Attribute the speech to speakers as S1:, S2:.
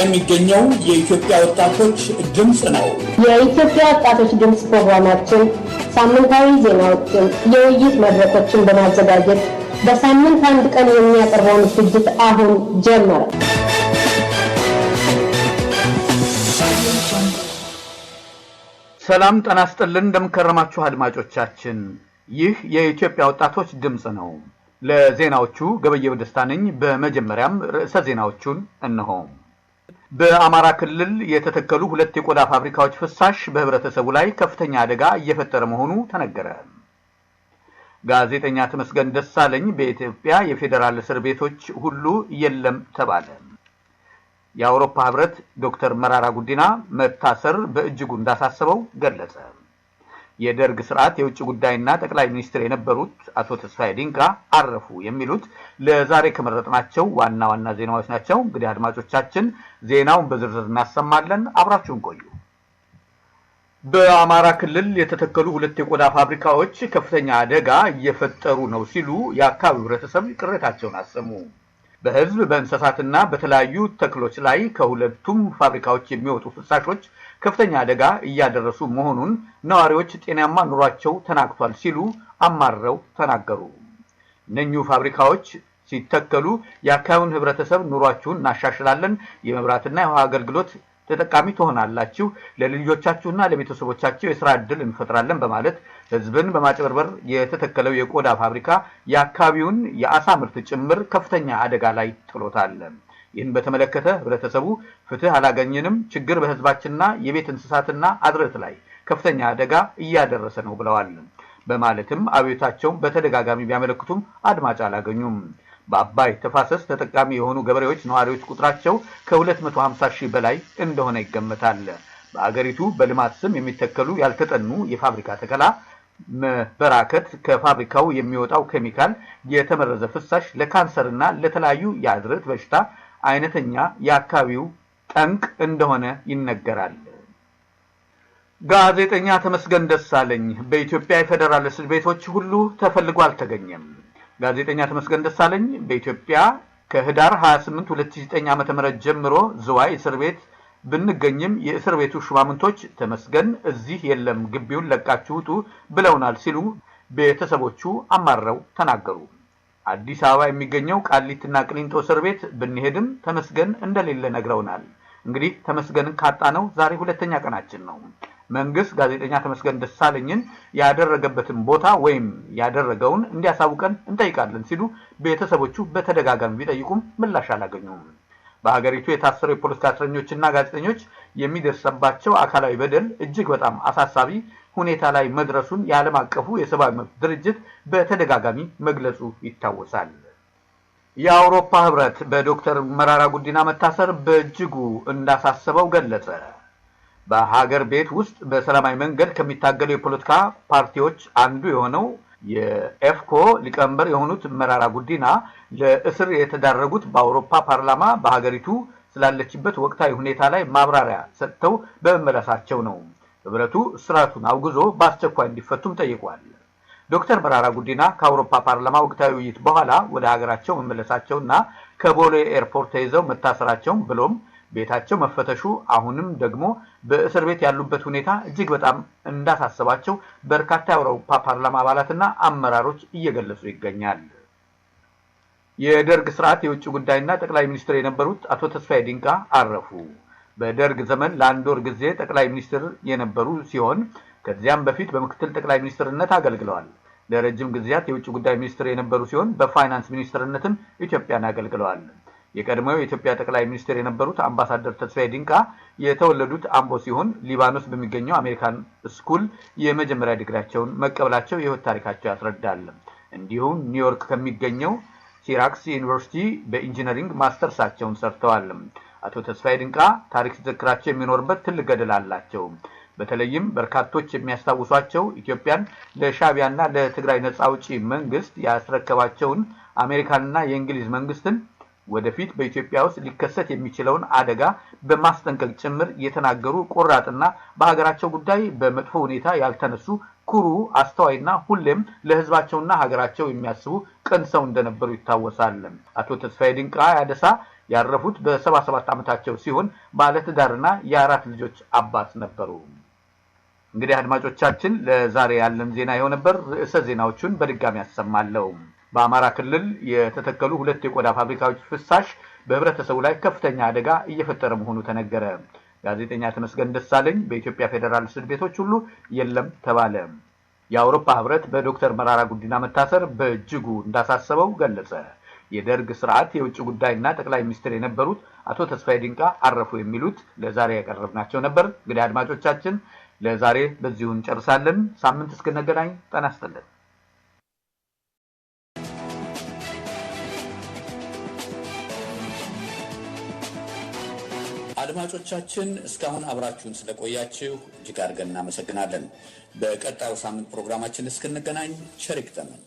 S1: የሚገኘው የኢትዮጵያ ወጣቶች ድምፅ ነው።
S2: የኢትዮጵያ ወጣቶች ድምፅ ፕሮግራማችን ሳምንታዊ ዜናዎችን፣ የውይይት መድረኮችን በማዘጋጀት በሳምንት አንድ ቀን የሚያቀርበውን ዝግጅት አሁን ጀመረ።
S1: ሰላም ጠና ስጥልን እንደምንከረማችሁ አድማጮቻችን፣ ይህ የኢትዮጵያ ወጣቶች ድምፅ ነው። ለዜናዎቹ ገበየው ደስታ ነኝ። በመጀመሪያም ርዕሰ ዜናዎቹን እነሆም። በአማራ ክልል የተተከሉ ሁለት የቆዳ ፋብሪካዎች ፍሳሽ በህብረተሰቡ ላይ ከፍተኛ አደጋ እየፈጠረ መሆኑ ተነገረ። ጋዜጠኛ ተመስገን ደሳለኝ በኢትዮጵያ የፌዴራል እስር ቤቶች ሁሉ የለም ተባለ። የአውሮፓ ህብረት ዶክተር መራራ ጉዲና መታሰር በእጅጉ እንዳሳሰበው ገለጸ። የደርግ ስርዓት የውጭ ጉዳይና ጠቅላይ ሚኒስትር የነበሩት አቶ ተስፋዬ ዲንቃ አረፉ የሚሉት ለዛሬ ከመረጥናቸው ዋና ዋና ዜናዎች ናቸው። እንግዲህ አድማጮቻችን ዜናውን በዝርዝር እናሰማለን። አብራችሁን ቆዩ። በአማራ ክልል የተተከሉ ሁለት የቆዳ ፋብሪካዎች ከፍተኛ አደጋ እየፈጠሩ ነው ሲሉ የአካባቢው ህብረተሰብ ቅሬታቸውን አሰሙ። በህዝብ በእንስሳትና በተለያዩ ተክሎች ላይ ከሁለቱም ፋብሪካዎች የሚወጡ ፍሳሾች ከፍተኛ አደጋ እያደረሱ መሆኑን ነዋሪዎች ጤናማ ኑሯቸው ተናግቷል ሲሉ አማረው ተናገሩ። እነኚሁ ፋብሪካዎች ሲተከሉ የአካባቢውን ህብረተሰብ ኑሯችሁን እናሻሽላለን፣ የመብራትና የውሃ አገልግሎት ተጠቃሚ ትሆናላችሁ፣ ለልጆቻችሁና ለቤተሰቦቻችሁ የስራ እድል እንፈጥራለን በማለት ህዝብን በማጭበርበር የተተከለው የቆዳ ፋብሪካ የአካባቢውን የአሳ ምርት ጭምር ከፍተኛ አደጋ ላይ ጥሎታል። ይህን በተመለከተ ህብረተሰቡ ፍትህ አላገኘንም፣ ችግር በህዝባችንና የቤት እንስሳትና አድረት ላይ ከፍተኛ አደጋ እያደረሰ ነው ብለዋል። በማለትም አቤታቸውን በተደጋጋሚ ቢያመለክቱም አድማጭ አላገኙም። በአባይ ተፋሰስ ተጠቃሚ የሆኑ ገበሬዎች ነዋሪዎች ቁጥራቸው ከ250 ሺህ በላይ እንደሆነ ይገመታል። በአገሪቱ በልማት ስም የሚተከሉ ያልተጠኑ የፋብሪካ ተከላ መበራከት፣ ከፋብሪካው የሚወጣው ኬሚካል፣ የተመረዘ ፍሳሽ ለካንሰርና ለተለያዩ የአድረት በሽታ አይነተኛ የአካባቢው ጠንቅ እንደሆነ ይነገራል። ጋዜጠኛ ተመስገን ደሳለኝ በኢትዮጵያ የፌዴራል እስር ቤቶች ሁሉ ተፈልጎ አልተገኘም። ጋዜጠኛ ተመስገን ደሳለኝ በኢትዮጵያ ከህዳር 28 2009 ዓ ም ጀምሮ ዝዋይ እስር ቤት ብንገኝም የእስር ቤቱ ሹማምንቶች ተመስገን እዚህ የለም፣ ግቢውን ለቃችሁ ውጡ ብለውናል ሲሉ ቤተሰቦቹ አማረው ተናገሩ። አዲስ አበባ የሚገኘው ቃሊትና ቅሊንጦ እስር ቤት ብንሄድም ተመስገን እንደሌለ ነግረውናል። እንግዲህ ተመስገንን ካጣነው ዛሬ ሁለተኛ ቀናችን ነው። መንግስት ጋዜጠኛ ተመስገን ደሳለኝን ያደረገበትን ቦታ ወይም ያደረገውን እንዲያሳውቀን እንጠይቃለን ሲሉ ቤተሰቦቹ በተደጋጋሚ ቢጠይቁም ምላሽ አላገኙም። በሀገሪቱ የታሰሩ የፖለቲካ እስረኞችና ጋዜጠኞች የሚደርሰባቸው አካላዊ በደል እጅግ በጣም አሳሳቢ ሁኔታ ላይ መድረሱን የዓለም አቀፉ የሰብአዊ መብት ድርጅት በተደጋጋሚ መግለጹ ይታወሳል። የአውሮፓ ህብረት በዶክተር መራራ ጉዲና መታሰር በእጅጉ እንዳሳሰበው ገለጸ። በሀገር ቤት ውስጥ በሰላማዊ መንገድ ከሚታገሉ የፖለቲካ ፓርቲዎች አንዱ የሆነው የኤፍኮ ሊቀመንበር የሆኑት መራራ ጉዲና ለእስር የተዳረጉት በአውሮፓ ፓርላማ በሀገሪቱ ስላለችበት ወቅታዊ ሁኔታ ላይ ማብራሪያ ሰጥተው በመመለሳቸው ነው። ህብረቱ ስርዓቱን አውግዞ በአስቸኳይ እንዲፈቱም ጠይቋል። ዶክተር መራራ ጉዲና ከአውሮፓ ፓርላማ ወቅታዊ ውይይት በኋላ ወደ ሀገራቸው መመለሳቸውና ከቦሌ ኤርፖርት ተይዘው መታሰራቸውን ብሎም ቤታቸው መፈተሹ አሁንም ደግሞ በእስር ቤት ያሉበት ሁኔታ እጅግ በጣም እንዳሳሰባቸው በርካታ የአውሮፓ ፓርላማ አባላትና አመራሮች እየገለጹ ይገኛል። የደርግ ስርዓት የውጭ ጉዳይና ጠቅላይ ሚኒስትር የነበሩት አቶ ተስፋዬ ዲንቃ አረፉ። በደርግ ዘመን ለአንድ ወር ጊዜ ጠቅላይ ሚኒስትር የነበሩ ሲሆን ከዚያም በፊት በምክትል ጠቅላይ ሚኒስትርነት አገልግለዋል። ለረጅም ጊዜያት የውጭ ጉዳይ ሚኒስትር የነበሩ ሲሆን በፋይናንስ ሚኒስትርነትም ኢትዮጵያን አገልግለዋል። የቀድሞው የኢትዮጵያ ጠቅላይ ሚኒስትር የነበሩት አምባሳደር ተስፋዬ ድንቃ የተወለዱት አምቦ ሲሆን ሊባኖስ በሚገኘው አሜሪካን ስኩል የመጀመሪያ ዲግሪያቸውን መቀበላቸው የህይወት ታሪካቸው ያስረዳል። እንዲሁም ኒውዮርክ ከሚገኘው ሲራክስ ዩኒቨርሲቲ በኢንጂነሪንግ ማስተርሳቸውን ሰርተዋል። አቶ ተስፋዬ ድንቃ ታሪክ ሲዘክራቸው የሚኖርበት ትልቅ ገደል አላቸው። በተለይም በርካቶች የሚያስታውሷቸው ኢትዮጵያን ለሻቢያና ለትግራይ ነፃ አውጪ መንግስት ያስረከባቸውን አሜሪካንና የእንግሊዝ መንግስትን ወደፊት በኢትዮጵያ ውስጥ ሊከሰት የሚችለውን አደጋ በማስጠንቀቅ ጭምር የተናገሩ ቆራጥና በሀገራቸው ጉዳይ በመጥፎ ሁኔታ ያልተነሱ ኩሩ አስተዋይና ሁሌም ለሕዝባቸውና ሀገራቸው የሚያስቡ ቅን ሰው እንደነበሩ ይታወሳል። አቶ ተስፋዬ ድንቃ ያደሳ ያረፉት በሰባ ሰባት ዓመታቸው ሲሆን ባለትዳርና የአራት ልጆች አባት ነበሩ። እንግዲህ አድማጮቻችን ለዛሬ ያለን ዜና ይኸው ነበር። ርዕሰ ዜናዎቹን በድጋሚ ያሰማለሁ። በአማራ ክልል የተተከሉ ሁለት የቆዳ ፋብሪካዎች ፍሳሽ በህብረተሰቡ ላይ ከፍተኛ አደጋ እየፈጠረ መሆኑ ተነገረ። ጋዜጠኛ ተመስገን ደሳለኝ በኢትዮጵያ ፌዴራል እስር ቤቶች ሁሉ የለም ተባለ። የአውሮፓ ህብረት በዶክተር መራራ ጉዲና መታሰር በእጅጉ እንዳሳሰበው ገለጸ። የደርግ ስርዓት የውጭ ጉዳይና ጠቅላይ ሚኒስትር የነበሩት አቶ ተስፋዬ ድንቃ አረፉ። የሚሉት ለዛሬ ያቀረብናቸው ነበር። እንግዲህ አድማጮቻችን ለዛሬ በዚሁ እንጨርሳለን። ሳምንት እስክንገናኝ ጤና ይስጥልን። አድማጮቻችን እስካሁን አብራችሁን ስለቆያችሁ እጅግ አድርገን እናመሰግናለን። በቀጣዩ ሳምንት ፕሮግራማችን እስክንገናኝ ቸር ይግጠመን።